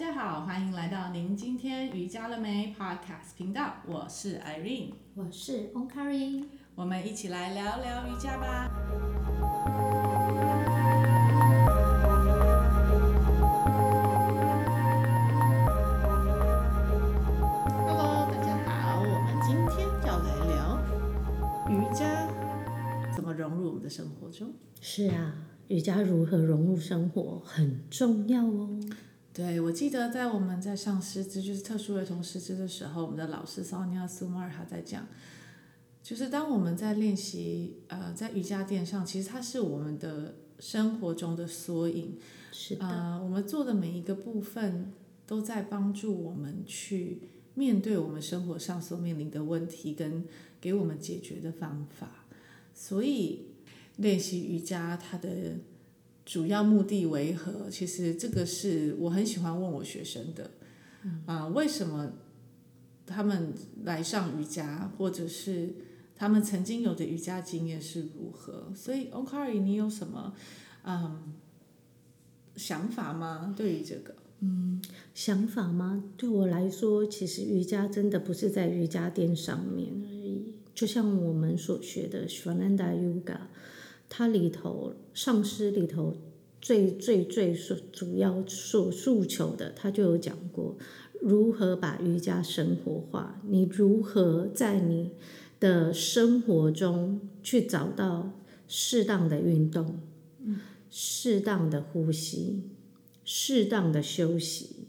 大家好，歡迎來到您今天瑜伽了沒 Podcast 頻道。我是 Irene，我是 OmKari，我們一起來聊聊瑜伽吧。Hello，大家好，我們今天要來聊瑜伽怎麼融入我們的生活中。是啊，瑜伽如何融入生活很重要哦。對，我記得在我們在上師資，就是特殊兒童師資的時候，我們的老師 Sonia Sumar 她在講，就是當我們在練習，呃，在瑜伽墊上，其實它是我們的生活中的縮影，是的、呃。我們做的每一個部分都在幫助我們去面對我們生活上所面臨的問題，跟給我們解決的方法。所以練習瑜伽，它的主要目的為何？其實這個是我很喜歡問我學生的，啊、嗯呃，為什麼他們來上瑜伽，或者是他們曾經有的瑜伽經驗是如何？所以 Omkari 你有什麼，嗯、呃，想法嗎？對於這個，嗯，想法嗎？對我來說，其實瑜伽真的不是在瑜伽墊上面而已，就像我們所學的 Sivananda Yoga 他裡頭，上師裡頭最最最主主要訴訴求的，他就有講過，如何把瑜伽生活化？你如何在你的生活中去找到適當的運動，嗯，適當的呼吸，適當的休息，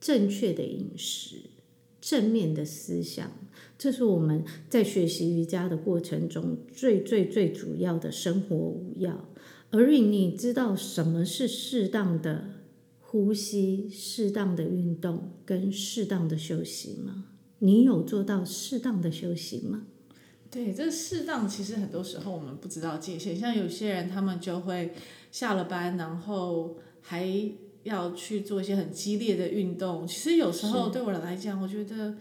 正確的飲食。正面的思想，這是我們在學習瑜伽的過程中最最最主要的生活五要。而你知道什麼是適當的呼吸、適當的運動跟適當的休息嗎？你有做到適當的休息嗎？對，這適當其實很多時候我們不知道界限。像有些人，他們就會下了班，然後還要去做一些很激烈的運動，其實有時候是對我來講，我覺得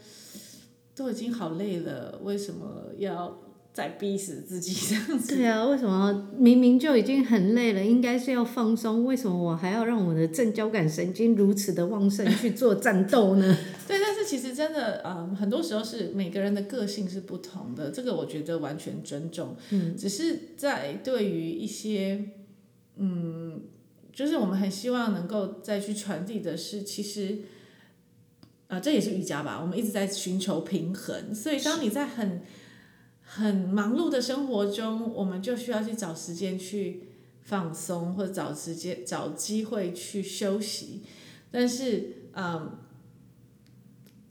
都已經好累了，為什麼要再逼死自己這樣子？對啊，為什麼明明就已經很累了，應該是要放鬆，為什麼我還要讓我的正交感神經如此的旺盛去做戰鬥呢？ 對，但是其實真的，啊、嗯，很多時候是每個人的個性是不同的，這個我覺得完全尊重。嗯，只是在對於一些，嗯。就是我們很希望能夠再去傳遞的是，其實，啊、呃，這也是瑜伽吧。我們一直在尋求平衡，所以當你在很很忙碌的生活中，我們就需要去找時間去放鬆，或者找時間找機會去休息。但是，嗯，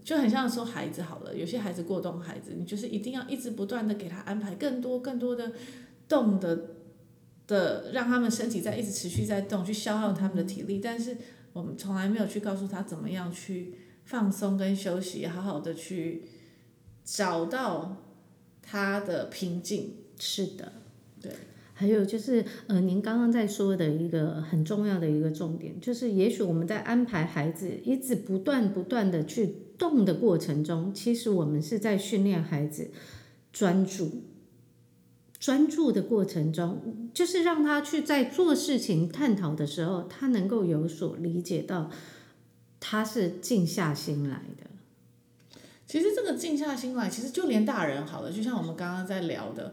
就很像說孩子好了，有些孩子過動孩子，你就是一定要一直不斷的給他安排更多更多的動的。的讓他們身體在一直持續在動，嗯、去消耗他們的體力，嗯、但是我們從來沒有去告訴他怎麼樣去放鬆跟休息，好好的去找到他的平靜。是的，對。還有就是，呃，您剛剛在說的一個很重要的一個重點，就是也許我們在安排孩子一直不斷不斷的去動的過程中，其實我們是在訓練孩子專注。專注的過程中，就是讓他去在做事情、探討的時候，他能夠有所理解到，他是靜下心來的。其實這個靜下心來，其實就連大人好了，就像我們剛剛在聊的，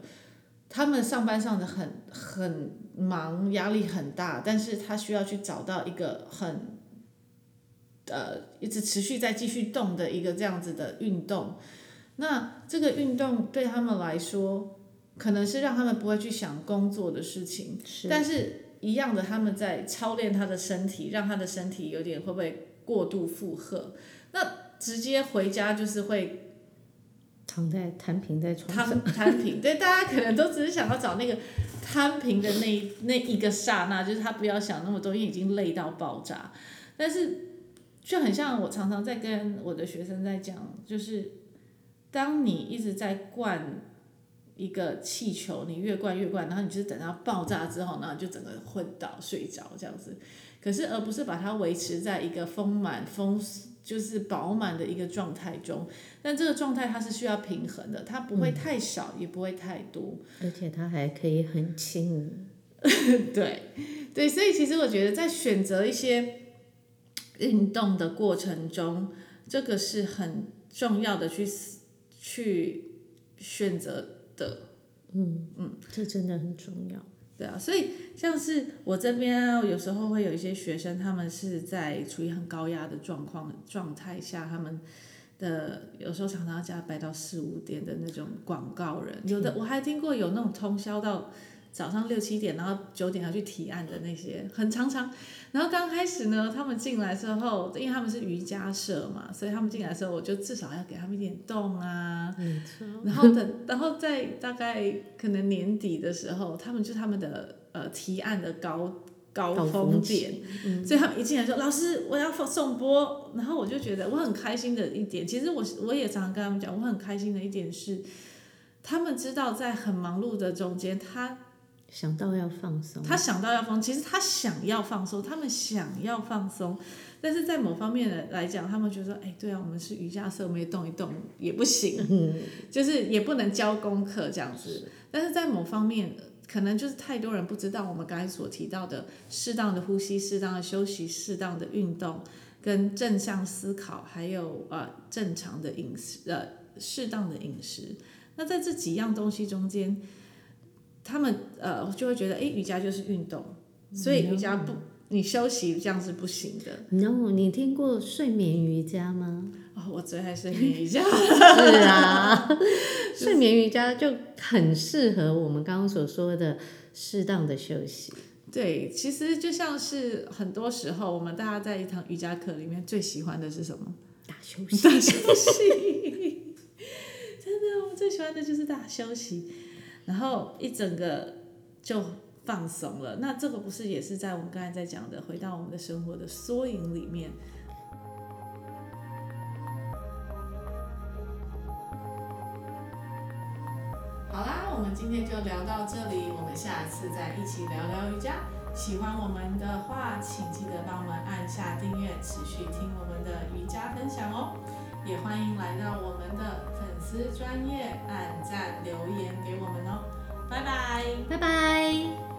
他們上班上的很很忙，壓力很大，但是他需要去找到一個很呃一直持續在繼續動的一個這樣子的運動。那這個運動對他們來說，可能是讓他們不會去想工作的事情，是，但是一樣的，他們在操練他的身體，讓他的身體有點會不會過度負荷？那直接回家就是會躺在攤平在床上，攤攤平。 對，大家可能都只是想要找那個攤平的那那一個剎那，就是他不要想那麼多，因為已經累到爆炸。但是，就很像我常常在跟我的學生在講，就是當你一直在灌，一個氣球，你越灌越灌，然後你就是等它爆炸之後，然後就整個昏倒睡着這樣子。可是，而不是把它維持在一個豐滿豐就是飽滿的一個狀態中。但這個狀態它是需要平衡的，它不會太少，嗯、也不會太多，而且它還可以很輕。 對對，所以其實我覺得在選擇一些運動的過程中，這個是很重要的去，去去選擇。的，嗯嗯，嗯，這真的很重要，對啊，所以像是我這邊我有時候會有一些學生，他們是在處於很高壓的狀況狀態下，他們的有時候常常要加班到四五點的那種廣告人，有的、嗯、我還聽過有那種通宵到。早上六七點，然後九點要去提案的那些很常常，然後剛開始呢，他們進來之後，因為他們是瑜伽社嘛，所以他們進來之後，我就至少要給他們一點動啊，嗯、然後等， 然後在大概可能年底的時候，他們就他們的呃提案的高高峰點，高峰期，嗯、所以他們一進來說：“老師，我要送播。”然後我就覺得我很開心的一點，其實我我也常常跟他們講，我很開心的一點是，他們知道在很忙碌的中間，他。想到要放鬆，他想到要放鬆，其實他想要放鬆，他們想要放鬆，但是在某方面的來講，他們覺得哎，對啊，我們是瑜伽社妹，我們也動一動也不行，嗯，就是也不能教功課這樣子。是。但是在某方面，可能就是太多人不知道我們剛才所提到的適當的呼吸、適當的休息、適當的運動、跟正向思考，還有呃正常的飲食呃適當的飲食。那在這幾樣東西中間。他們呃就會覺得、欸、瑜伽就是運動，所以瑜伽不 No. 你休息這樣是不行的。然後、no, 你聽過睡眠瑜伽嗎？哦、我最愛睡眠瑜伽 是啊，睡眠瑜伽就很適合我們剛剛所說的適當的休息。對，其實就像是很多時候，我們大家在一堂瑜伽課裡面最喜歡的是什麼？大休息，大休息。 真的，我最喜歡的就是大休息。然後一整個就放鬆了。那這個不是也是在我們剛才在講的，回到我們的生活的縮影裡面。好啦，我們今天就聊到這裡，我們下次再一起聊聊瑜伽。喜歡我們的話，請記得幫我們按下訂閱，持續聽我們的瑜伽分享哦。也歡迎來到我們。專業，按讚留言給我們哦，拜拜，拜拜。